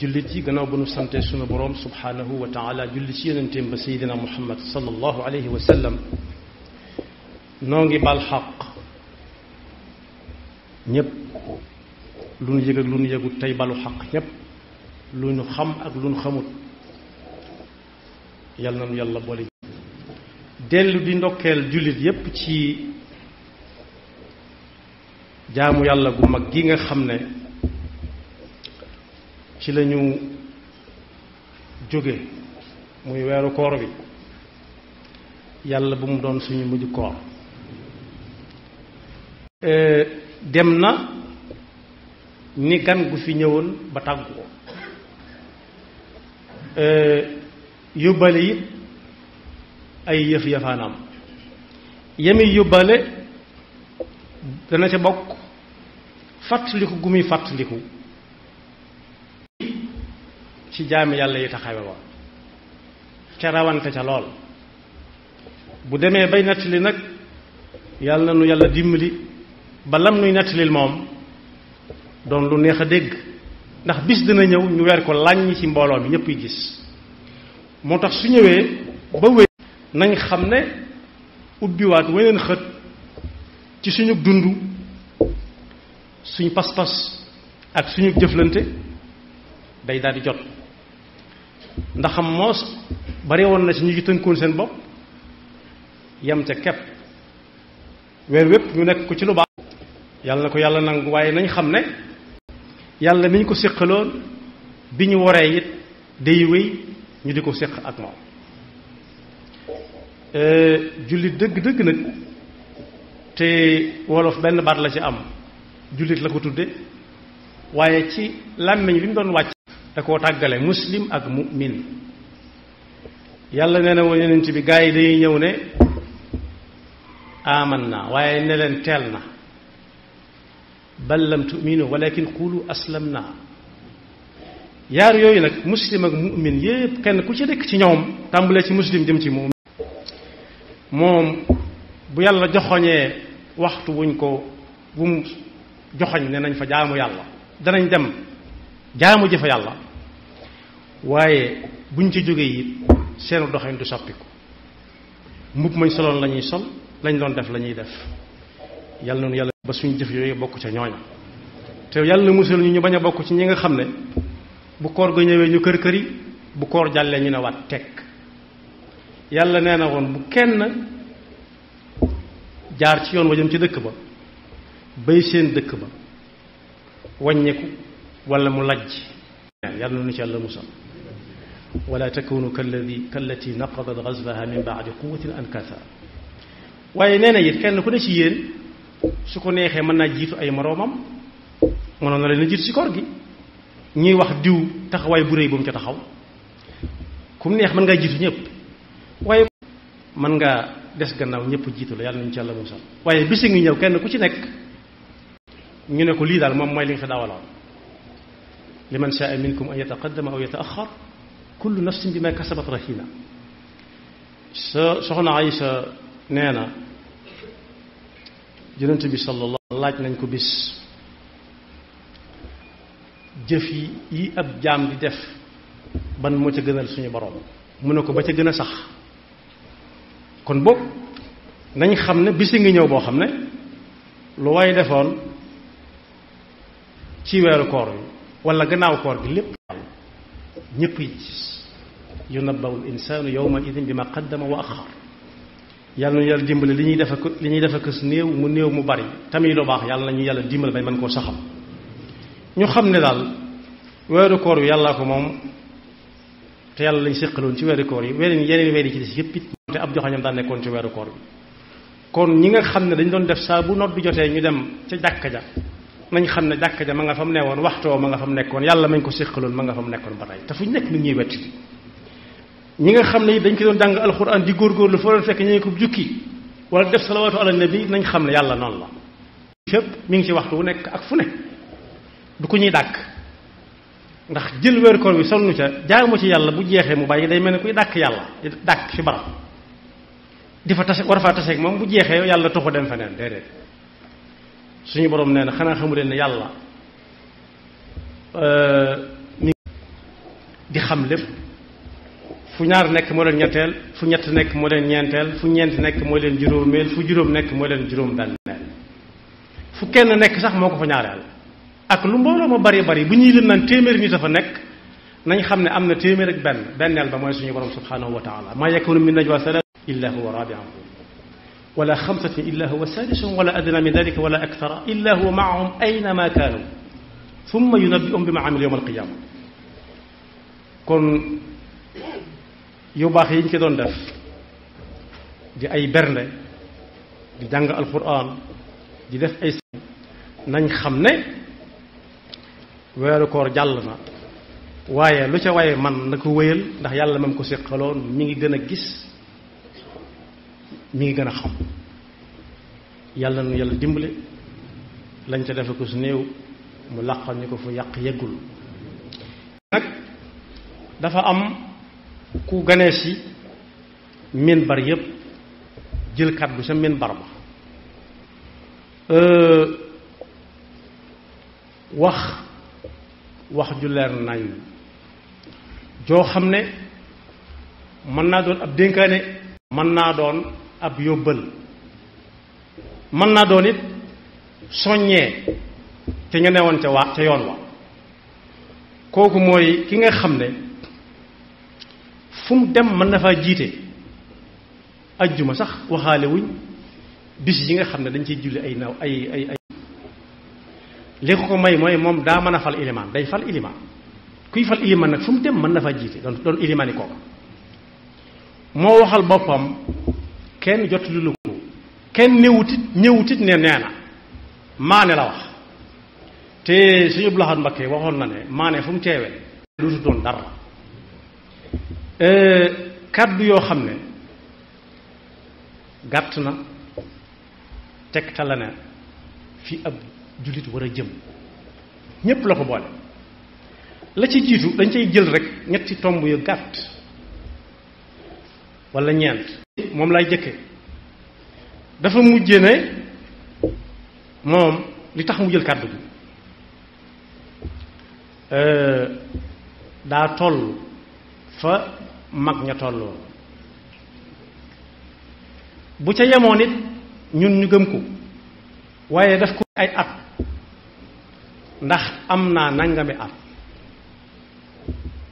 جلتي غناو بنو سانتي سونو بروم سبحانه وتعالى جلتي سيننتيم سيدنا محمد صلى الله عليه وسلم نونغي بالحق نيب لون ييغ لون ييغو تاي بالو حق نيب لونو اك لون خاموت يالنا يالا بولي delu di ndokkel julit yépp ci jaamu yàlla gu mag gi nga ci lañu jóge muy weeru koor bi yàlla bu mu doon suñu mujj koor e, dem na ni gan gu fi ñëwoon ba tàggu ko e, yóbbale ay yëf yëfaanaam yemi yóbbale dana ca bokk fàttaliku gu muy fàttaliku ci jaami yàlla yi taxawe woon ca rawante ca lool bu demee bay nettali nag yàlla na nu yàlla dimbali ba lam nuy nettalil moom doon lu neex a dégg ndax bis dina ñëw ñu weer ko làññ ci mbooloo mi ñëpp gis moo tax su ñëwee ba wéy nañ xam ne ubbiwaat weneen xët ci suñu dund suñu pas-pas ak suñu jëflante day daal jot ndax xam moos bari woon na ci ñu ci tënkoon seen bopp yam ca kepp weer wépp ñu nekk ko ci lu baax yàlla na ko yàlla nangu waaye nañ xam ne yàlla mi ñu ko séqaloon bi ñu waree it day wéy ñu di ko séq ak moom euh, jullit dëgg dëgg nag te wolof benn baat la ci am jullit la ko tudde waaye ci làmmiñ bi mu doon wàcc da koo tàggale muslim ak mu'min yàlla nee na woon bi gaa yi dañuy ñëw ne aman na waaye ne leen teel na bal lam tuminu walakin qulu aslam na yaar yooyu nag muslim ak mu'min yépp kenn ku ci nekk ci ñoom tàmbalee ci muslim jëm ci mu'min moom bu yàlla joxoñee waxtu wuñ ko bu mu joxoñ ne nañ fa jaamu yàlla danañ dem jaamu ji yàlla waaye buñ ci jógee it seenu doxin du soppiku mbubb mañ soloon la ñuy sol lañ doon def la ñuy def yàlla noonu yàlla ba suñ jëf yooyu bokk ca ñooña te yàlla musal ñu ñu bañ a bokk ci ñi nga xam ne bu koor ga ñëwee ñu kër këri bu koor jàllee ñu ne waat teg yàlla nee na woon bu kenn jaar ci yoon wa jëm ci dëkk ba bay seen dëkk ba wàññeeku wala mu lajj yàlla noonu ci yàlla musal ولا تكون كالذي كالتي نقضت غزبها من بعد قوة أنكثا وينين يتكلم كل شيء سكون يخي من نجيت أي مروم من أن نجيت سكورجي ني دو تخوي بري بوم تتخو كم نيخ من نجيت نيب واي من نجا دس جناو نيب جيت ولا يالن شاء الله موسى واي بسنج نيو كأنه كل شيء نك ني نقولي دار ما مايلين خداولا لمن شاء منكم أن يتقدم أو يتأخر كل نفس بما كسبت رهينه سخنا عائشة نانا جنت بي صلى الله عليه وسلم لاج نانكو بيس جفي اي اب جام دي ديف بان مو تي گنال سوني بروم منوكو با تي گنا صح كون بو نان خامنا بيس نغي نيو بو خامنا لو واي ديفون تي ويرو كور ولا گناو كور لپ ñepp yi ci yunabbaw al insaanu yawma idin bi ma qaddama wa axar yàlla nañu yàlla dimbali li ñuy defa li ñuy defa kës néew mu néew mu bari tamit lu baax yàlla nañu yàlla dimbali bay mën koo saxam ñu xam ne daal weeru koor wi yàllaa ko moom te yàlla lañ séqaloon ci weeru koor yi weerin yeneen weer yi ci des yépp it te ab joxañam daan nekkoon ci weeru koor bi kon ñi nga xam ne dañ doon def saa bu noddu jotee ñu dem ca jàkka ja nañ xam ne jàkka ja ma nga fam newoon waxtoo ma nga fam nekkoon yàlla mañ ko séqaloon ma nga fam nekkoon ba tey te fu ñu nekk nit ñuy wetti ñi nga xam ne dañ koy doon jàng alxuraan di góorgóorlu foo doon fekk ñu ko jukki wala def salawaatu ala nabi nañ xam ne yàlla noonu la. mi ngi ci waxtu wu nekk ak fu ne du ko ñuy dàkk ndax jël wér koor ca jaamu ci yàlla bu jeexee mu bàyyi day mel ne kuy dàkk yàlla di dàkk fi barab di moom bu jeexee yàlla toxu dem feneen déedéet suñu borom nee na xanaa xamu leen ne yàlla euh, di xam lépp. fu ñaar nekk moo leen ñetteel fu ñett nekk moo leen ñeenteel fu ñeent nekk moo leen juróomeel fu juróom nekk moo leen juróom benneel fu kenn nekk sax moo ko fa ñaareel ak lu mbooloo ma bari bari bu ñuy lim naan téeméeri ñu dafa fa nekk nañ xam ne am na téeméer ak benn benneel ba mooy suñu borom subhanahu wa taala ma yakunu min najwa salat illa huwa rabiahum ولا خمسة إلا هو سادس ولا أدنى من ذلك ولا أكثر إلا هو معهم أينما كانوا ثم ينبئهم بما amilu يوم القيامة كن yu baax yi ñu ci doon def di ay bernde di jàng alxuraan di def ay nañ xam ne weeru koor jàll na waaye lu ca waaye man na ko wéyal ndax yàlla moom ko séqaloon mi ngi gën a gis mi ngi gën a xam yàlla nu yàlla dimbali lañ ca defe ko su néew mu làqal ñu ko fu yàq yeggul nag dafa am ku ganee si min bar yépp jëlkat bu sa min bar ma euh, wax wax ju leer nañ joo xam ne mën naa doon ab dénkaane mën naa doon ab yóbbal mën naa doon it soññee te ñu newoon ca waa ca yoon wa kooku mooy ki nga xam ne fu mu dem mën na faa jiite ajjuma sax waxaale wuñ bis yi nga xam ne dañ ciy julli ay naw ay ay ay li ko ko may mooy moom daa mën a fal ilimaan day fal ilimaan kuy fal ilimaan nag fu mu dem mën na faa jiite doon doon ilimaani kooka moo waxal boppam kenn jot lu ko kenn néewutit néewutit ne nee na maane la wax te suñu Abdul Ahad Mbakke waxoon na ne maane fu mu teewee duutu doon dara Euh, kàddu yoo xam ne gàtt na tegtala ne fi ab jullit war a jëm ñépp la ko boole la ci jiitu dañ ciy jël rek ñetti tomb yu gàtt wala ñeent moom laay jëkke dafa mujje ne moom li tax mu jël kàddu bi euh, daa toll fa mag ña tolloo bu ca yemoon it ñun ñu gëm ko waaye def ko ay at ndax am naa nangami at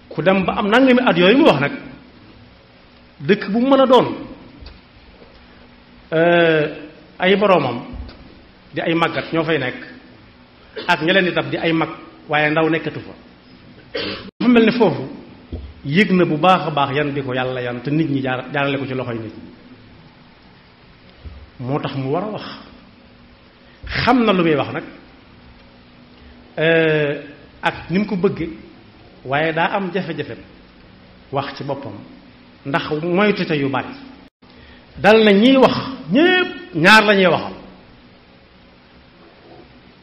ku dem ba am nangami at yooyu mu wax nag dëkk bu mu mën a doon eh, ay boroomam di ay màggat ñoo fay nekk ak ña leen di dab di ay mag waaye ndaw nekkatu fa dafa mel ni foofu yëg na bu baax a baax yan bi ko yàlla yan te nit ñi jaar jaarale ko ci loxoy nit ñi moo tax mu war a wax xam na lu muy wax nag ak ni mu ko bëgge waaye daa am jafe-jafe wax ci boppam ndax moytu te yu bari dal na ñiy wax ñépp ñaar la ñuy waxal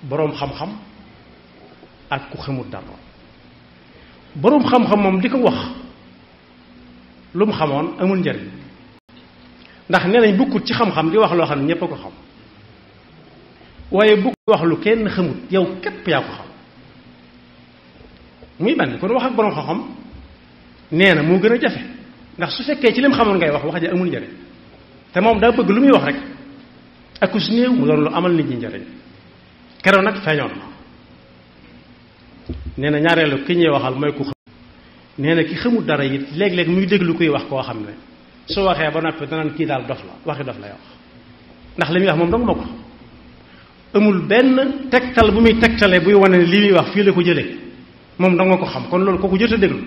boroom xam-xam ak ku xamul dara boroom xam-xam moom di ko wax lu mu xamoon amul njariñ ndax nee nañ bukkut ci xam-xam di wax loo xam ne ñépp a ko xam waaye bukk wax lu kenn xamut yow képp yaa ko xam muy benn kon wax ak boroom xam-xam nee na moo gën a jafe ndax su fekkee ci lim xamoon ngay wax wax ja amul njariñ te moom daa bëgg lu muy wax rek ak ku mu doon lu amal nit ñi njariñ keroog nag feeñoon nee ñaarelu ki ñi waxal moy ku xam nee ki xamu dara yit leg leg muy déglu kuy wax ko xam ne su waxe ba noppi danaan ki dal dof la waxi dof la wax ndax limi wax mom dong mako amul ben tektal bu muy tektale buy wane ne li muy wax fi la ko jele mom dong moo ko xam kon lool ko ko a déglu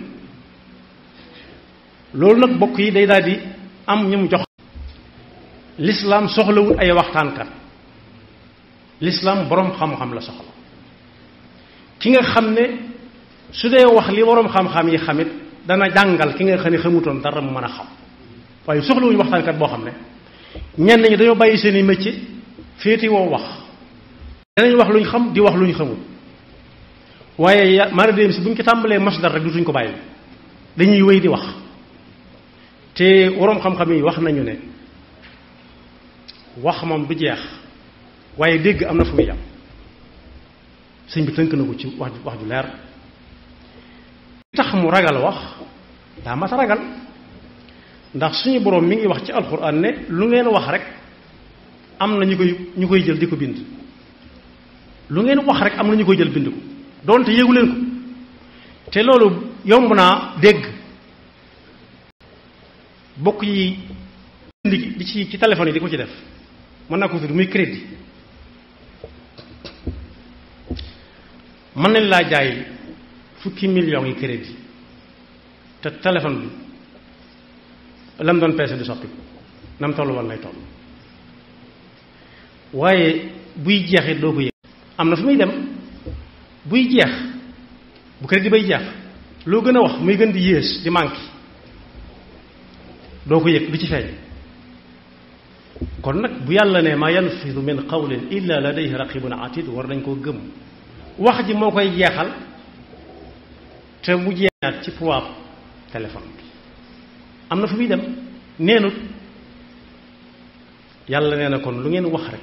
lool nak bokk yi day daal am ñum mu jox lislaam soxlawul ay waxtan kat l'islam borom xam-xam la soxla ki nga xam ne su dee wax li waroom xam-xam yi xamit dana jàngal ki nga xam ne xamutoon dara mu mën a xam waaye soxlawuñu waxtaankat boo xam ne ñenn ñi dañoo bàyyi seen i métier féeti woo wax danañ wax luñ xam di wax luñ xamul waaye ya maanaam dem si buñ ko tàmbalee masdar rek dutuñ ko bàyyi dañuy wéy di wax te waroom xam-xam yi wax nañu ne wax moom bu jeex waaye dégg am na fu mu yam sëñ bi tënk na ko ci wax wax ju leer li tax mu ragal wax daa ma a ragal ndax suñu borom mi ngi wax ci alxuraan ne lu ngeen wax rek am na ñu koy ñu koy jël di ko bind lu ngeen wax rek am na ñu koy jël bind ko doonte yéegu leen ko te loolu yomb naa dégg bokk yi indi di ci ci téléphone yi di ko ci def mën naa ko tudd muy crédit mën nañ laa jaay fukki millions yi crédit te téléphone bi lam doon peese du soppi nam toll woon lay toll waaye buy jeexee doo ko yëg am na fu muy dem buy jeex bu crédit bay jeex loo gën a wax muy gën di yées di manqué doo ko yëg du ci feeñ kon nag bu yàlla ne ma yanfidu min qawlin illa ladayhi na atid war nañ koo gëm wax ji moo koy jeexal te mu jeexaat ci pouvoir téléphone bi am na fu muy dem neenut yàlla nee na kon lu ngeen wax rek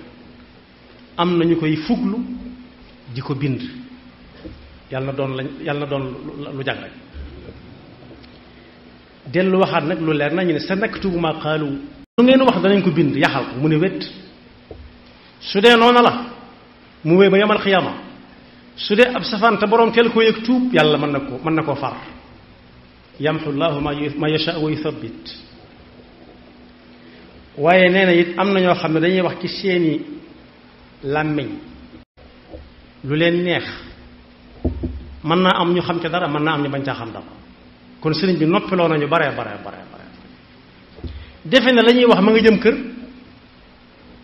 am na ñu koy fuglu di ko bind yàlla na doon lañ yàlla na doon lu jag rek dellu waxaat nag lu leer na ñu ne sa naktubu ma qaalu lu ngeen wax danañ ko bind yaxal ko mu ne wét su dee noona la mu wéy ba yamal xiyaama su dee ab safaan te boroom teel koo yëg tuub yàlla mën na ko mën na koo far yamxu llaahu ma yasha wa yuthabbit waaye nee na it am na ñoo xam ne dañuy wax ci seeni làmmiñ lu leen neex mën naa am ñu xam ca dara mën naa am ñu bañ caa xam dara kon sëriñ bi noppiloo nañu bare bare bare bare defe ne lañuy wax ma nga jëm kër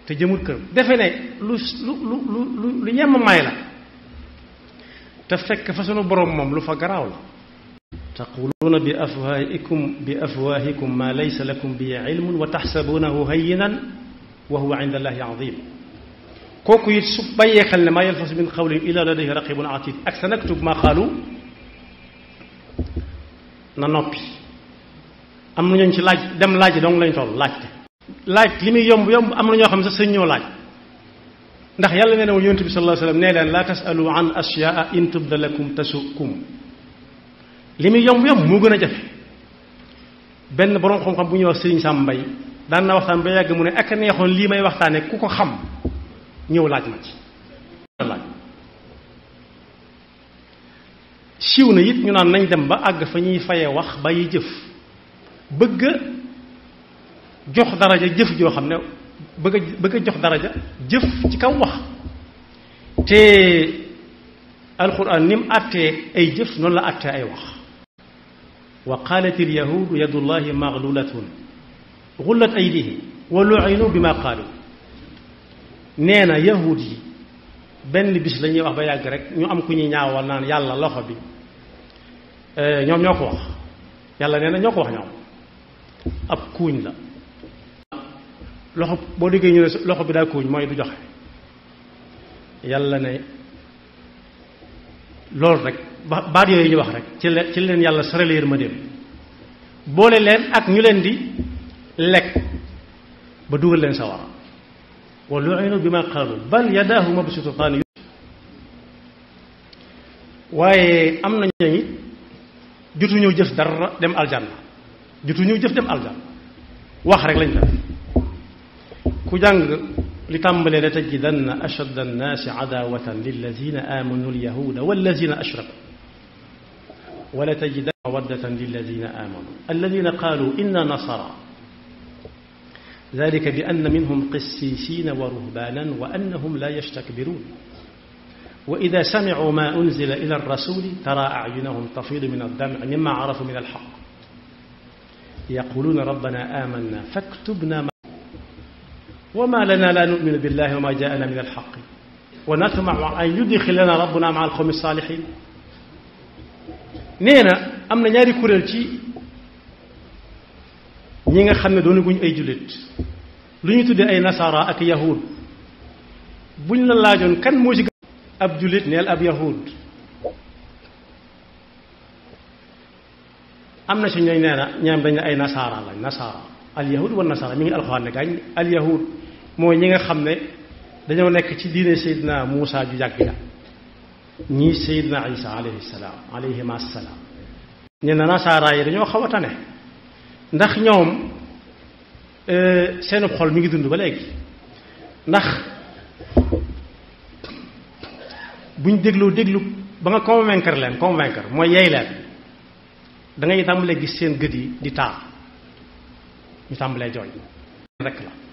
te jëmul kër defe ne lu lu lu lu lu may la تفك فسنو برمم لفا قراولا تقولون بأفواهكم, بأفواهكم ما ليس لكم به علم وتحسبونه هينا وهو عند الله عظيم كوكو يتسب بيخا لما يلفظ من قول إلى لديه رقيب عتيد أكثر نكتب ما قالوا نانوبي أم نجنش لاج دم لاج دون لين طول لاج لاج لمي يوم يوم أم نجنش لاج ndax yàlla nee na woon yonent bi sallallahu alayhi wa sallam nee leen laa tasalu an asyaa in tubda lakum tasukum li muy yomb yomb moo gën a jafe benn borom xam-xam bu ñuy wax Serigne sàmbay Mbaye daan na waxtaan ba yàgg mu ne ak neexoon lii may waxtaane ku ko xam ñëw laaj ma ci laaj siw na it ñu naan nañ dem ba àgg fa ñuy faye wax bàyyi jëf bëgg jox daraja jëf joo xam ne bëgg a bëgg a jox daraja jëf ci kaw wax te alquran ni mu àttee ay jëf noonu la àttee ay wax wa qaalat alyahudu yadullahi maglulatun gullat aydihim wa lu'inu bima qaalu nee na yahud yi benn bis la ñuy wax ba yàgg rek ñu am ku ñuy ñaawal naan yàlla loxo bi ñoom ñoo ko wax yàlla nee na ñoo ko wax ñoom ab kuuñ la loxo boo déggee ñu ne loxo bi daa kuuñ mooy du joxe yàlla ne loolu rek baat yooyu ñu wax rek ci leen ci leen yàlla sarale yërmandeem boole leen ak ñu leen di lekk ba dugal leen sawara wa lu'inu bima qaalu waaye am na ñooñu jutuñu jëf dara dem aljanna jutuñu jëf dem aljanna wax rek lañ def كجانغ لتملي لتجدن أشد الناس عداوة للذين آمنوا اليهود والذين أشركوا ولتجدن مودة للذين آمنوا الذين قالوا إنا نصرى ذلك بأن منهم قسيسين ورهبانا وأنهم لا يشتكبرون وإذا سمعوا ما أنزل إلى الرسول ترى أعينهم تفيض من الدمع مما عرفوا من الحق يقولون ربنا آمنا فاكتبنا ما وما لنا لا نؤمن بالله وما جاءنا من الحق ونطمع أن يدخل ربنا مع القوم الصالحين نينا أمنا نياري كوريل تي نيغا خامي دوني بوين اي جوليت لو ني تودي اي نصارى اك يهود بوين لا لاجون كان موجي اب جوليت نيل اب يهود امنا شي ني نينا نيام داني اي نصارى لا نصارى اليهود والنصارى مين القران غاني اليهود mooy ñi nga xam ne dañoo nekk ci diine Seydina Moussa ju yàgg ya ñii Seydina Isa alayhi salaam ma salaam ñu ne nasaara yi dañoo xaw a tane ndax ñoom seen xol mi ngi dund ba léegi ndax buñ déglu déglu ba nga convaincre leen convaincre mooy yey leen da ngay tàmbalee gis seen gët yi di taa ñu tàmbalee jooy rek la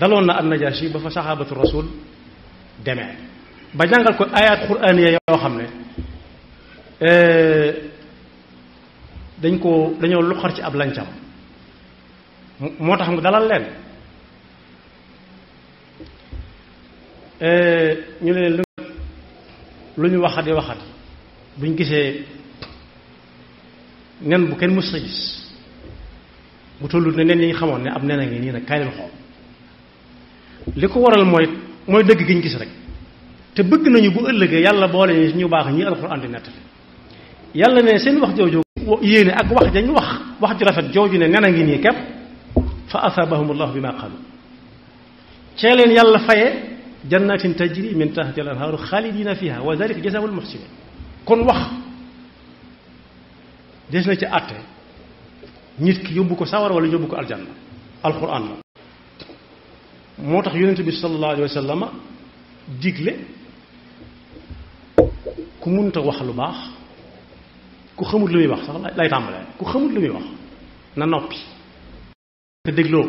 daloon na an najaasi ba fa sahabatu rasul deme ba jàngal ko ayat qur'aniya yo xamne euh dañ ko dañu lu xar ci ab lancam motax mu dalal len euh ñu leen lu ñu waxati waxat buñ gisee nen bu kenn musta gis mu tollu ne nen yi xamoon ne ab nen a ngi nii nag kaay leen xool li ko waral mooy mooy dëgg gi ñu gis rek te bëgg nañu bu ëllëgee yàlla boole ñu ñu baax ñi alxuraan di nettali yàlla ne seen wax jooju yéene ak wax dañ wax wax ju rafet jooju ne nen a ngi nii kepp fa asabahum allahu bi ma qalu cee leen yàlla faye jannatin tajri min tahti al anhaaru xaalidina fiha wa dalika jazaa'ul muhsinin kon wax des na ci àtte nit ki yóbbu ko sawar walla yóbbu ko aljanna alxuraan la moo tax yonent bi sallallahu alayhi wa sallam digle ku munta wax lu baax ku xamut lu muy wax sax lay tàmbalee ku xamut lu muy wax na noppi te dégloo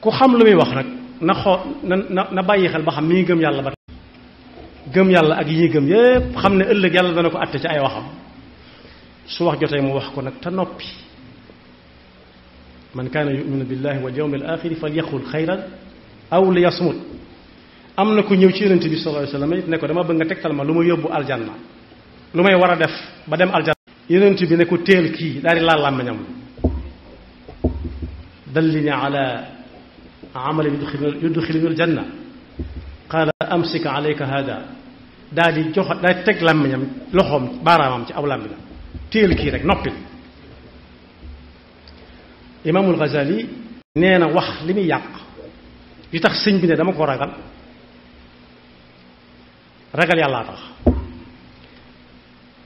ku xam lu muy wax nag na xool na na na bàyyi xel ba xam mi ngi gëm yàlla ba gëm yàlla ak yi gëm yépp xam ne ëllëg yàlla dana ko àtte ci ay waxam su wax jotee mu wax ko nag te noppi من كان يؤمن بالله واليوم الآخر فليقل خيرا أو ليصمت أم نكو نيو تي النبي صلى الله عليه وسلم نكو دا ما بغا تكتال ما لومو يوبو الجنة لومي ورا ديف با ديم الجنة يننتي بي نكو تيل كي داري لا لا لام نيام دلني على عمل يدخل يدخل الجنة قال أمسك عليك هذا دالي جوخ دا تك لام نيام لوخوم بارامام تي أو لام نيام تيل كي رك نوبيل imam al Ghazali neena wax limi yàq yu tax sëñ bi ne dama ko ragal ragal yalla tax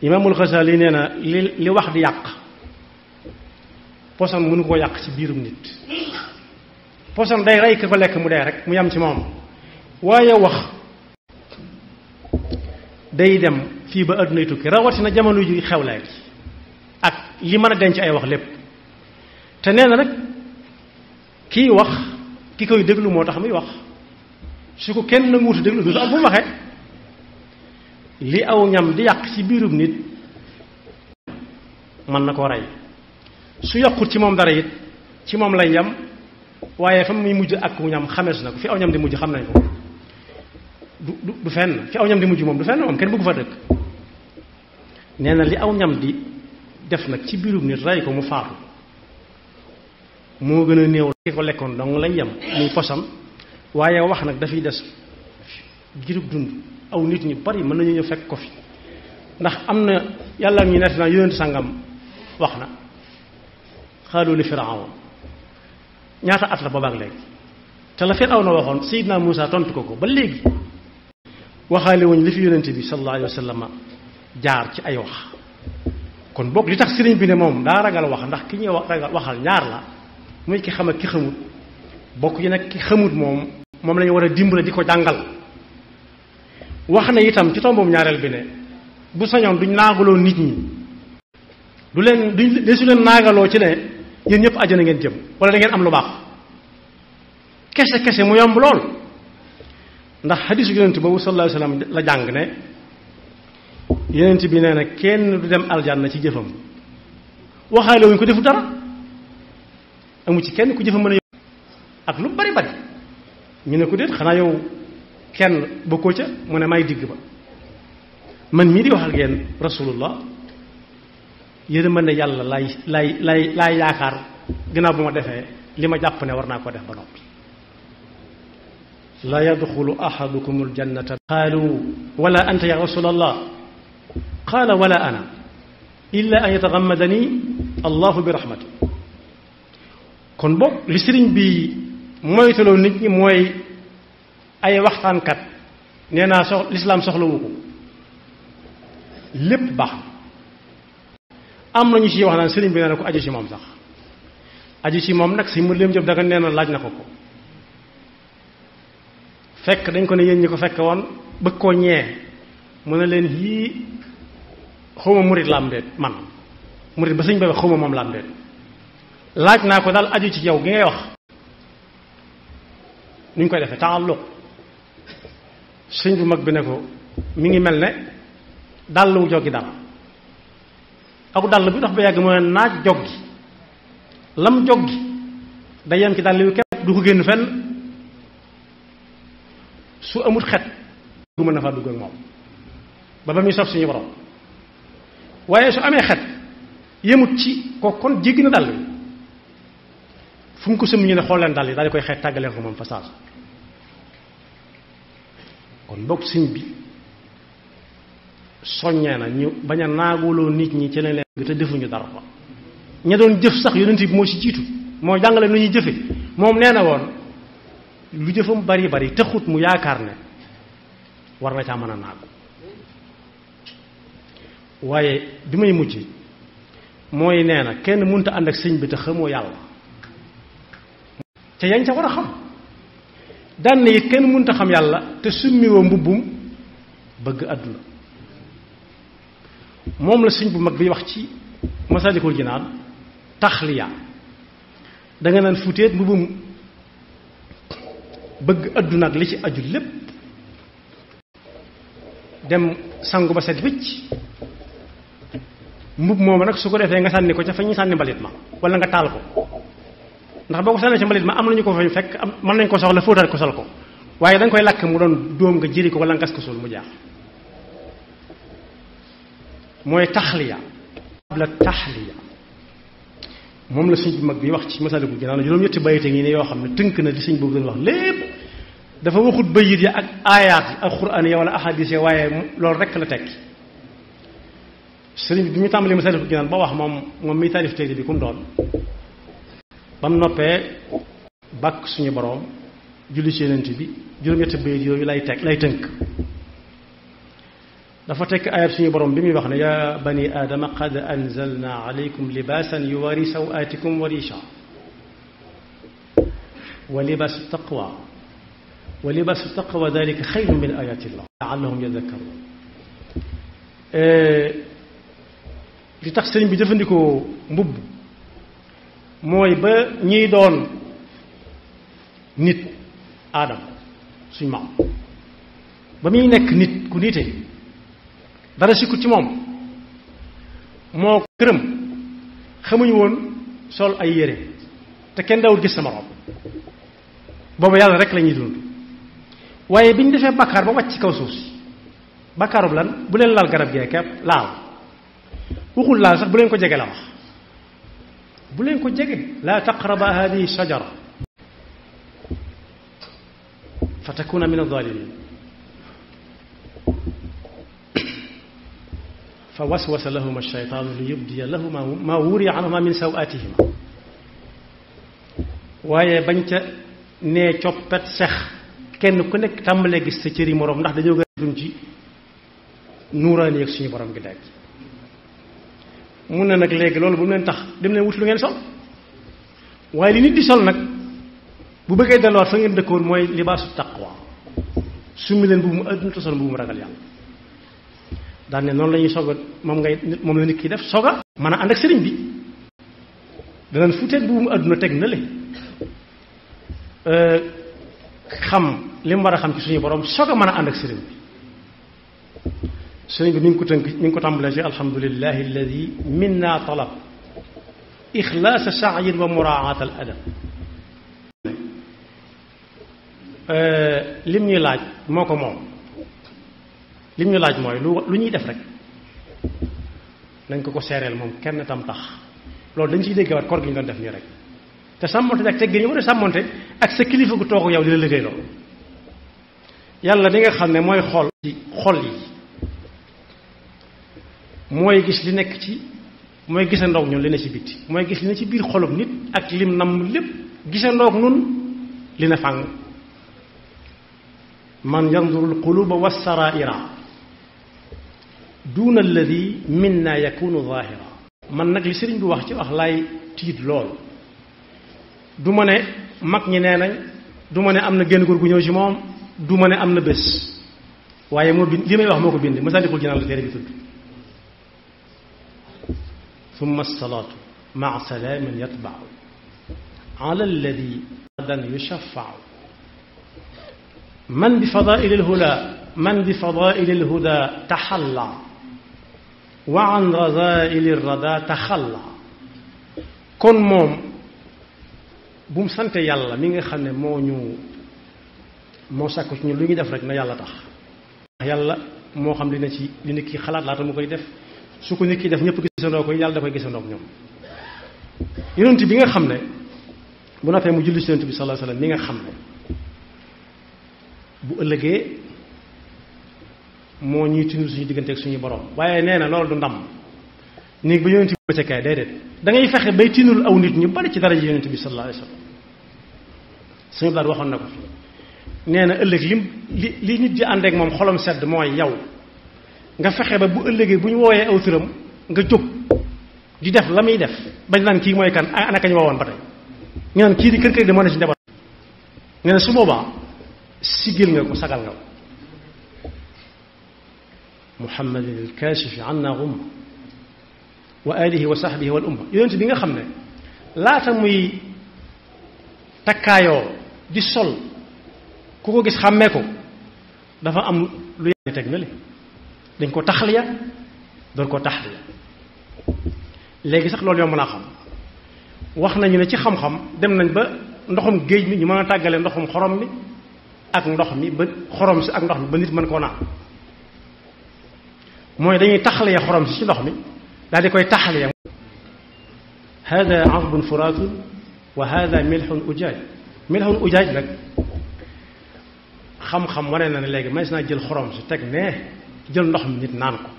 imam al Ghazali neena li wax di yàq posam mënu ko yàq ci birum nit posam day ray ko lek mu day rek mu yam ci mom waya wax day dem fi ba addunay tukki rawati na jamono ji xewlay ak li meuna denc ay wax lépp te nee na nag kii wax ki koy déglu moo tax muy wax su ko kenn nanguwuta déglu du am fu mu waxee li aw ñam di yàq ci biirub nit mën na ko rey su yokkut ci moom dara it ci moom lay yam waaye fa muy mujj ak wu ñam xamees na ko fi aw ñam di mujj xam nañ ko du du fenn fi aw ñam di mujj moom du fenn moom kenn bëggu fa dëkk nee li aw ñam di def nag ci biirub nit rey ko mu faatu moo gën a néew ki ko lekkoon dong lañ yem muy posam waaye wax nag dafay des jirub dund aw nit ñu bari mën nañu ñëw fekk ko fi ndax am na yàlla ñu nekk naa yonent sàngam wax na xaalu li firaawon ñaata at la boobaak léegi te la firaawna waxoon sayidna Muusa tontu ko ko ba léegi waxaale wuñ li fi yonent bi sallallahu alayhi wa sallam jaar ci ay wax kon boog li tax sëriñ bi ne moom daa ragal wax ndax ki ñuy wax ragal waxal ñaar la muy ki xam ak ki xamut bokk yi nag ki xamut moom moom lañuy war a dimbale di ko jàngal wax na itam ci tombam ñaareel bi ne bu sañoon duñ naagaloo nit ñi du leen duñ desu leen naagaloo ci ne yéen ñëpp na ngeen jëm wala dangeen am lu baax kese kese mu yomb lool ndax xadisu yonent boobu sallallahu alayhi wasallam la jàng bi nee na kenn du dem aljaan aljanna ci jëfam waxaale wuñ ko defu dara amu ci kenn ku jëfë mën a ak lu bari bari ñu ne ko déet xanaa yow kenn bokkoo ca mu ne may digg ba man mii di wax ak yéen rasulullah yéen mën ne yàlla lay lay lay laay yaakaar gannaaw bu ma defee li ma jàpp ne war naa ko def ba noppi la يدخل أحدكم aljannata قالوا wala anta ya رسول الله wala ana illa an أن يتغمدني bi rahmatih kon boog li sëriñ bi moytuloo nit ñi mooy ay waxtaankat nee naa sox lislaam soxlawu ko lépp baax am na ñu ciy wax naan sëriñ bi nee na ko aju ci moom sax aju ci moom nag si mu leen jëm daga nee na laaj na ko ko fekk dañ ko ne yéen ñi ko fekk woon bëgg koo ñee mu ne leen yii xawma murit làmbeet man murit ba sëñ ba xawma moom làmbeet laaj naa ko daal aju ci yow gi ngay wax nuñ koy defee taalluq sëñ bu mag bi ne ko mi ngi mel ne dàll wu joggi dal ak dàll bi dox ba yàgg mooy naaj joggi lam joggi day yem ci dàll yu képp du ko génn fenn su amut xet du mën na faa dugg ak moom ba ba muy saf suñu borom waaye su amee xet yemut ci ko kon jéggi na dàll bi fu mu ko sëmm ñu ne xool leen dal yi daal di koy xeet tàggaleen ko moom fasaas kon bokk sëñ bi soññee na ñu bañ a naaguloo nit ñi ci leen leen te defuñu dara ko ña doon jëf sax yonent bi moo ci jiitu moo jàngale nu ñuy jëfe moom nee na woon lu jëfam bari bari taxut mu yaakaar ne war na caa mën a naagu waaye bi may mujj mooy nee na kenn mënta ànd ak sëñ bi te xamoo yàlla te yañ ca war a xam daan na it kenn munta xam yàlla te summi wa mbubbum bëgg àdduna moom la suñ bu mag bi wax ci masaalikul jinaan taxliya da nga naan futeet mbubbum bëgg àdduna ak li ci aju lépp dem sangu ba set wicc mbub moom nag su ko defee nga sànni ko ca fa ñuy sànni mbalit ma wala nga taal ko ndax boko sané ci malit ma am nañu ko fa fekk man nañ ko soxla fotal ko sal ko waye dang koy lak mu don dom nga jiri ko wala ngas ko sul mu jaax moy taxliya la taxliya mom la sëñ mag bi wax ci masal bu ginnaaw juróom ñetti bayte ngi ne yo xamne teunk na di sëñ boobu doon wax lépp dafa waxut bayit ya ak ayat yi ak quraan ya wala ahadith ya waye lool rek la tek sëriñ bi bi ñu tàmbalee masali bu ginnaaw ba wax mom mom mi tarif téere bi kum doon bam noppee bàkk suñu borom julli ci yonent bi juróom-ñetti bayit yooyu lay teg lay tënk dafa tekk ayat suñu borom bi muy wax ne ya bani aadama qad anzalna alaykum libasan yuwari sawatikum wa risha wa libas taqwa wa libas taqwa dalika xayrun min ayati llah laallahum yadakkarun li tax sëriñ bi jëfandikoo mbubb mooy ba ñi doon nit aadama suñ maam ba muy nekk nit ku nite dara sikku ci moom moo këram xamuñu woon sol ay yére te kenn dawul gis sama rob boobu yàlla rek lañuy ñuy waaye bi ñu defee bàkkaar ba wàcc ci kaw suuf si bàkkaarub lan bu leen lal garab gee kepp laal waxul laal sax bu leen ko jege la wax بلين كو جيغي لا تقرب هذه الشجره فتكون من الظالمين فوسوس لهما الشيطان ليبدي لهما ما وري عنهما من سوءاتهما وهي بنت ني تشوبت سخ كين كو نيك تامل غيس سي تيري موروم نورانيك سوني بروم بي mun na nag léegi loolu bu mu leen tax dem leen wut lu ngeen sol waaye li nit di sol nag bu bëggee delluwaat fa ngeen dëkkoon mooy libaasu taqwa summi leen bu mu àdduna bu mu ragal yàlla noonu la soog a moom ngay moom la nit def soog a mën bi danañ futeet bu mu teg nale le euh, xam li mu war a xam ci suñu borom soog a mën a ànd ak sëriñ bi سنين نينكو تنك نينكو تامبلا جي الحمد لله الذي منا طلب اخلاص سعي ومراعاه الادب ا لم نلاج موكو موم لم نلاج موي لو نيي ديف رك نانكو كو سيرال موم كين تام تخ لول دنجي ديغ وات كور نيون ديف ني رك تا سامونتي داك تيغي ورا سامونتي اك سا كليفو كو توغو ياو لي ليغي لو يالا ديغا خامني موي خول خول mooy gis li nekk ci mooy gisandoog ñun li ne ci biti mooy gis li ne ci biir xolub nit ak lim namm lépp gis gisandoog nun li ne fàng man yandurul quluba sarair'a duna alladhi minna yakunu zahira man nag li sëriñ bi wax ci wax laay tiit lool du ma ne mag ñi nee nañ du ma ne am na génn góor gu ñëw ci moom du ma ne am na bés waaye moo bind li may wax moo ko bind masalikul jinaan la téere bi tudd ثم الصلاة مع سلام يتبع على الذي غدا يشفع من بفضائل الهدى من بفضائل الهدى تحلى وعن رذائل الردى تخلى كن موم بوم سانت يالا ميغا خاني مو نيو مو ساكو نيو لوغي ديف رك نا يالا تخ يالا مو خام لي نتي لي نكي خلات لا تمو كوي ديف su ko nit ki def ñëpp gisandoo ko yàlla da koy gisandoo ak ñoom yonent bi nga xam ne bu noppee mu julli ci yonent bi sallallahu alayhi wasallam nga xam bu ëllëgee moo ñuy tinul suñu diggante ak suñu borom waaye nee na loolu du ndam néeg ba yonent bi ca kaay da ngay fexe bay aw nit ñu ci daraja yonent bi sallallahu alayhi wasallam suñu blaat waxoon na ko nee na ëllëg lim li li nit di ànd moom xolam sedd mooy yow nga fexe ba bu ëllëgee bu ñu wooyee aw turam nga jóg di def la muy def bañ lan kii mooy kan ana kañ woowoon ba tey ñu naan kii di kër kër di moo ne ci njaboot nee na su boobaa sigil nga ko sagal nga ko muhammadin alkaashifi anna ghumma wa alihi wa sahbihi wal bi nga xam ne laata muy takkaayoo di sol ku ko gis xàmmee ko dafa am lu yàgg teg na li dañ ko taxliya door ko taxliya léegi sax loolu yomb naa xam wax nañu ne ci xam-xam dem nañ ba ndoxum géej mi ñu mën a tàggale ndoxum xorom mi ak ndox mi ba xorom si ak ndox mi ba nit mën koo naan mooy dañuy taxliya xorom si ci ndox mi daal di koy taxliya hada azbun furaatun wa hada milxun ujaaj milxun ujaaj nag xam-xam wane na ne léegi mais naa jël xorom si teg nee jël ndox mi nit naan ko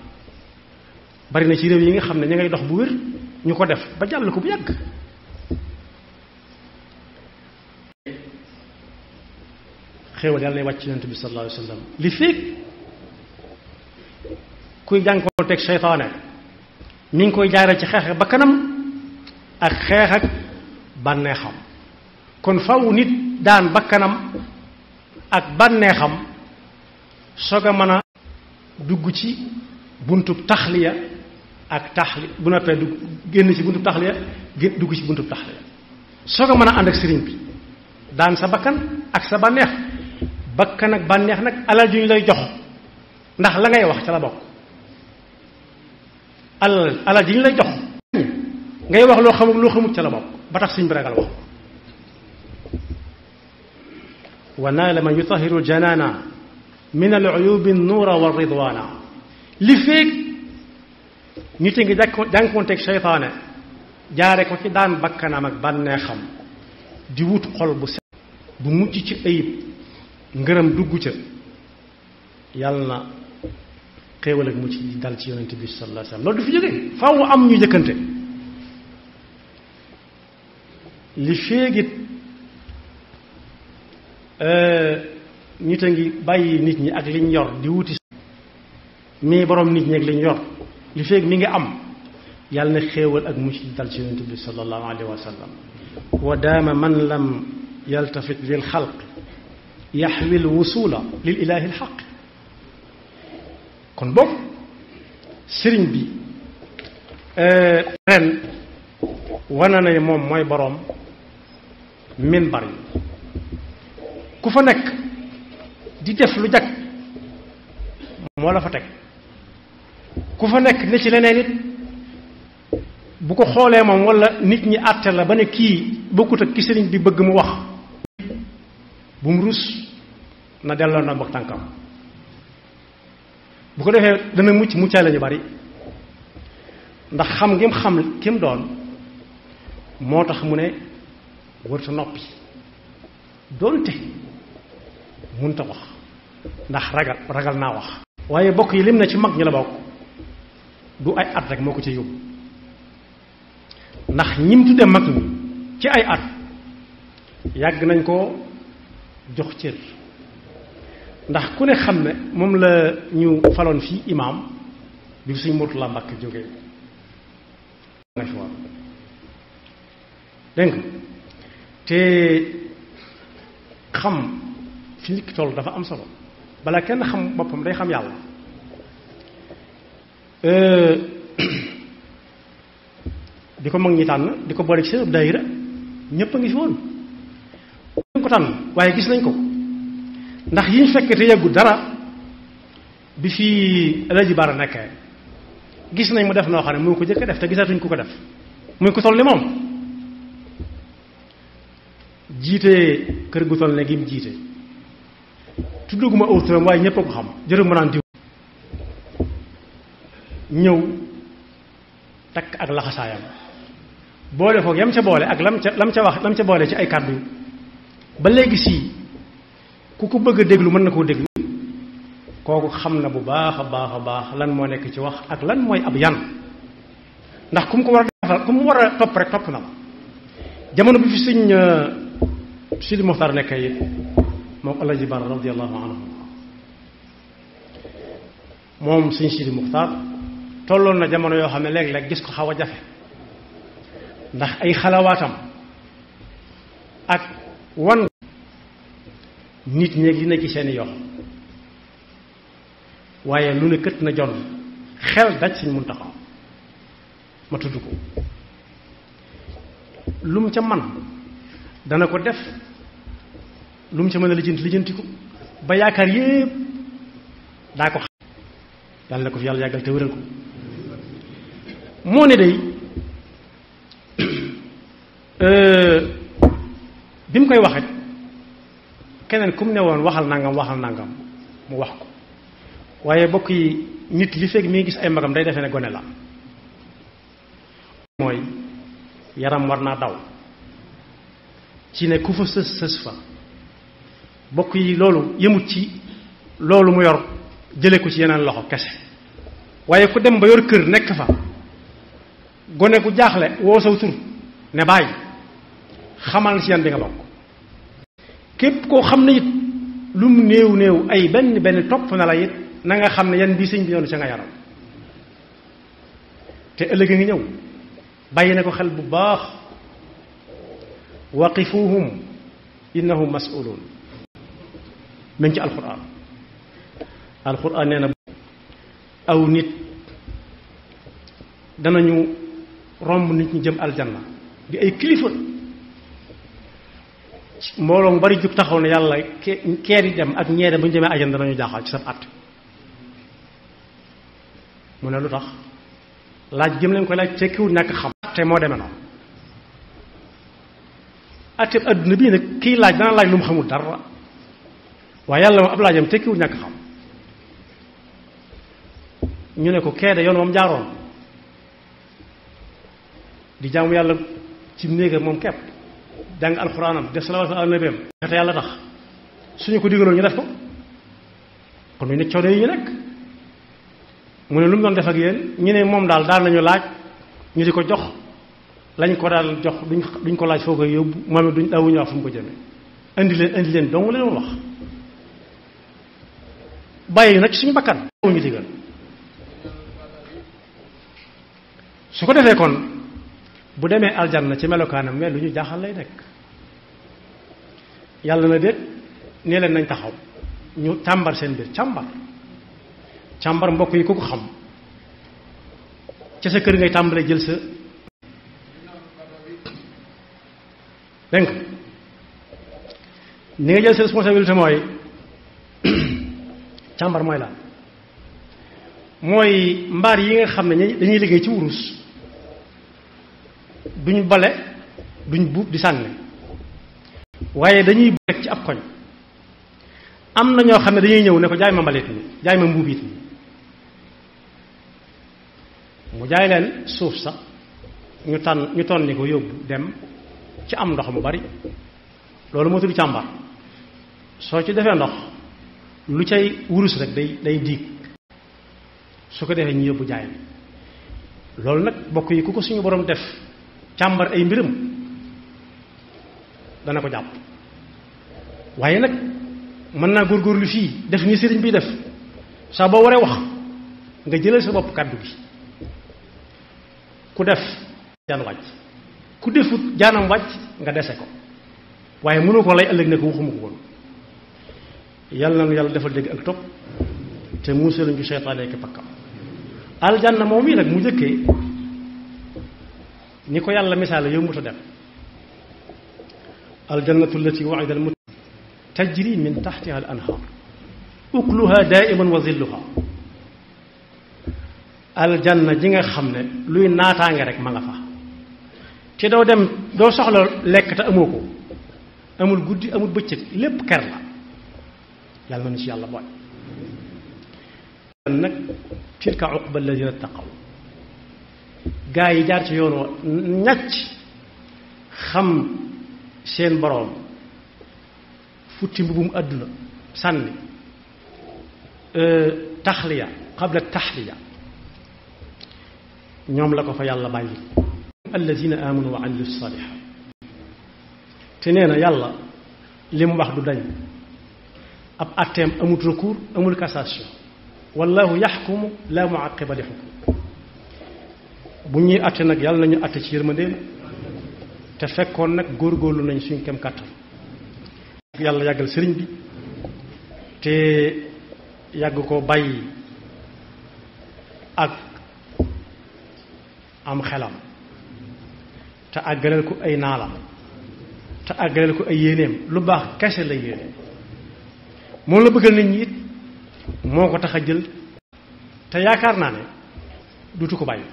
bari na ci réew yi nga xam ne ña ngay dox bu wér ñu ko def ba jàll ko bu yàgg xéewal yàlla lay wàcc yonent bi sallallahu alayhi wa li feeg kuy jànkoon teg seytaane mi ngi koy jaare ci xeex ba kanam ak xeexak ak bànneexam kon faw nit daan kanam ak bànneexam soog a mën dugg ci buntub taxliya ak taxli bu noppee dugg génn ci buntub taxliya génn dugg ci buntub taxliya soo ko mën a ànd ak sëriñ bi daan sa bakkan ak sa bànneex bakkan ak bànneex nag alal ju lay jox ndax la ngay wax ca la bokk alal alal ju lay jox ngay wax loo xamul loo xamul ca la bokk ba tax sëriñ bi ragal wax wa la man yutahiru janaana من العيوب النور والرضوان لفيك نيتي دان كونت شيطان جاري كو سي دان بكنا ماك بانيخم دي ووت قلب بو موتي سي ايب نغرم دوجو تي يالنا خيوال اك موتي دال سي يونت بي صلى الله عليه وسلم لو دو في جوغي فاو ام ني ديكنت لي شيغي euh آه، nit a ngi bàyyi nit ñi ak liñ yor di wuti mii borom nit ñi ak liñ yor li feeg mi ngi am yàlla na xéewal ak mucc dal ci yonent bi sallallahu man lam yaltafit lil xalq yaxwi l wusula bi euh, ren wana na moom mooy boroom minbar yi ku fa nekk di def lu jag moo la fa teg ku fa nekk ne ci leneen it bu ko xoolee moom walla nit ñi àtte la ba ne kii bokkut ak ki sëriñ bi bëgg mu wax bu mu rus na delloo na bokk tànkam bu ko defee dana mucc muccaay lañu ñu bari ndax xam ngim xam kim doon moo tax mu ne wërta noppi doonte munta wax ndax ragal ragal naa wax waaye bokk yi lem na ci mag ñi la bokk du ay at rek moo ko ci yóbbu ndax ñim tudde mag ñi ci ay at yàgg nañ koo jox cër ndax ku ne xam ne moom la ñu faloon fii imaam bi suñ motu la mbàkk jógee nga fi te xam fi nit ki toll dafa am solo balaa kenn xam boppam day xam yàlla euh, di ko mag ñi tànn di ko boole ci seen daayira ñépp a ngi fi woon ñu ko tànn waaye gis nañ ko ndax yiñ fekk te yeggu dara bi fi Alaaji Bara nekkee gis nañ mu def noo xam ne moo ko jëkk def te gisatuñ ku ko def muy ko toll ni moom jiite kër gu toll ne gi jiite tudduguma aw turam ñepp ko xam jërëm mënaan diw ñew tak ak laxasaayam boole foog yam ca boole ak lam ca lam ca wax lam ca boole ci ay kaddu ba léegi sii ku ko bëgg a déglu mën na koo déglu kooku xam na bu baax a baax a baax lan moo nekk ci wax ak lan mooy ab yan ndax kum ko war a defal kum war a topp rek topp na ko jamono bi fi sëñ euh, Sidi Moxtar nekkee moom El Hadj Bara radiyallahu anhu moom sëñ Sidi Muxtaar tolloon na jamono yoo xam ne léeg-léeg gis ko xaw a jafe ndax ay xalawaatam ak wan nit ñeeg li na ci seeni yox waaye lu ne kët na jon xel daj sëñ Muntaxa ma tudd ko lu mu ca man dana ko def lu mu ci mën a lijjanti lijjantiku ba yaakaar yépp daa ko xam yàlla na ko fi yàlla yàggal te wéral ko moo ne day euh, bi mu koy waxet keneen ku mu ne woon waxal nangam waxal nangam mu wax ko waaye bokk yi nit li fekk mi gis ay magam day defee ne gone la mooy yaram war naa daw ci ne ku fa sës sës fa bokk yi loolu yëmut ci loolu mu yor jële ko ci yeneen loxo kese waaye ku dem ba yor kër nekk fa gone ku jaaxle woo saw tur ne bàyyi xamal ci yan bi nga bokk képp koo xam ne it lu mu néew néew ay benn benn topp na la it na nga xam ne yan bi sëñ bi yoonu ca nga yaram te ëllëg a ngi ñëw bàyyi na ko xel bu baax waqifuhum innahum mas'ulun même ci alxuraan alxuraan nee aw nit danañu romb nit ñi jëm aljanna di ay kilifa mbooloo mu bari jub taxaw ne yàlla kee di dem ak ñee dem bu ñu demee aljanna danañu jaaxal ci sab at mu ne lu tax laaj jëm lañ koy laaj tekkiwul ñàkk xam te moo demee noonu atteeb adduna bii nag kiy laaj dana laaj lu mu xamul dara waaye yàlla moom ab laajam tekkiwul ñàkk xam ñu ne ko kee de yoon wam jaaroon di jaamu yàlla ci néegam moom kepp jàng alxuraanam def salawaat ala nabiam te yàlla tax suñu ko digaloon ñu def ko kon ñu ne coono yi ñu nekk mu ne lu mu doon def ak yéen ñu ne moom daal daal nañu laaj ñu di ko jox lañ ko daal jox duñ duñ ko laaj foo koy yóbbu moom it duñ daawuñu wax fu mu ko jëmee indi leen indi leen dong leen wax bàyyi nag suñu bakkan ñu su ko defee kon bu demee aljanna ci melokaanam mais lu ñu jaaxal lay nekk yàlla na déet nee leen nañ taxaw ñu tàmbar seen biir càmbar càmbar mbokk yi ku ko xam ca sa kër ngay tàmbalee jël sa dégg nga ni nga jël sa responsabilité mooy càmbar mooy lan mooy mbaar yi nga xam ne dañuy liggéey ci wurus duñ bale duñ buub di sànni waaye dañuy bale ci ab koñ am na ñoo xam ne dañuy ñëw ne ko jaay ma mbalit mi jaay ma mbuubit mi mu jaay leen suuf sax ñu tan ñu tonni ko yóbbu dem ci am ndox mu bari loolu moo tudd càmbar soo ci defee ndox lu cay wurus rek day day dik su ko defé ñu yóbbu jaay lool nak bokk yi kuko suñu borom def chamber ay mbiram dana ko nak mana na gor gor lu fi def ni serigne bi def sa bo waré wax nga jëlal sa bop kaddu bi ku def jaan wacc ku defut jaanam wacc nga déssé ko waye mënu ko lay ëlëk nak waxuma ko yàlla na yàlla defal dégg ak topp te muusal ñu seytaane ki pakkam aljanna moom yi nag mu jëkkee ni ko yàlla misaale yombut a dem aljannatu allati waida al tajri min taxtiha al anhar ukluha daiman wa zilluha aljanna ji nga xam luy naataange rek ma nga fa te doo dem doo soxla lekk te amoo amul guddii amul beccet lépp ker la يالمن شي الله بوي انك تلك عقبة الذين اتقوا جاي جارت يورو نت خم سين بروم فوتي مبوم ادنا سن أه، تخلية قبل التحليا نيوم لاكو فا يالا باي الذين امنوا وعملوا الصالحات تنين يالا لم واخ دو ab atteem amut recours amul cassation wallahu yaxkumu la muaqiba li xukm bu ñuy atte nag yàlla nañu atte ci yërmandeem te fekkoon nag góor góorlu nañ suñ kem kàttan yàlla yàggal sëriñ bi te yàgg ko bàyyi ak am xelam te àggaleel ko ay naalam te àggaleel ko ay yéeneem lu baax kese lay yéeneem moom la bëggal nit ñi it moo ko tax a jël te yaakaar naa ne dutu ko bàyyi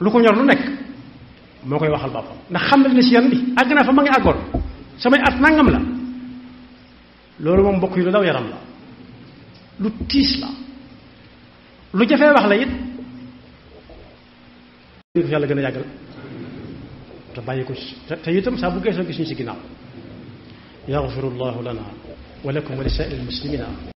lu ko ñor lu nekk moo koy waxal boppam ndax xam na ne si yan bi àgg naa fa ma ngi àggoon samay at nangam la loolu moom mbokk yi lu daw yaram la lu tiis la lu jafee wax la it yàlla gën a yàggal te bàyyi ko ci te itam saa bu geesoo gis ñu si ginnaaw يغفر الله لنا ولكم ولسائر المسلمين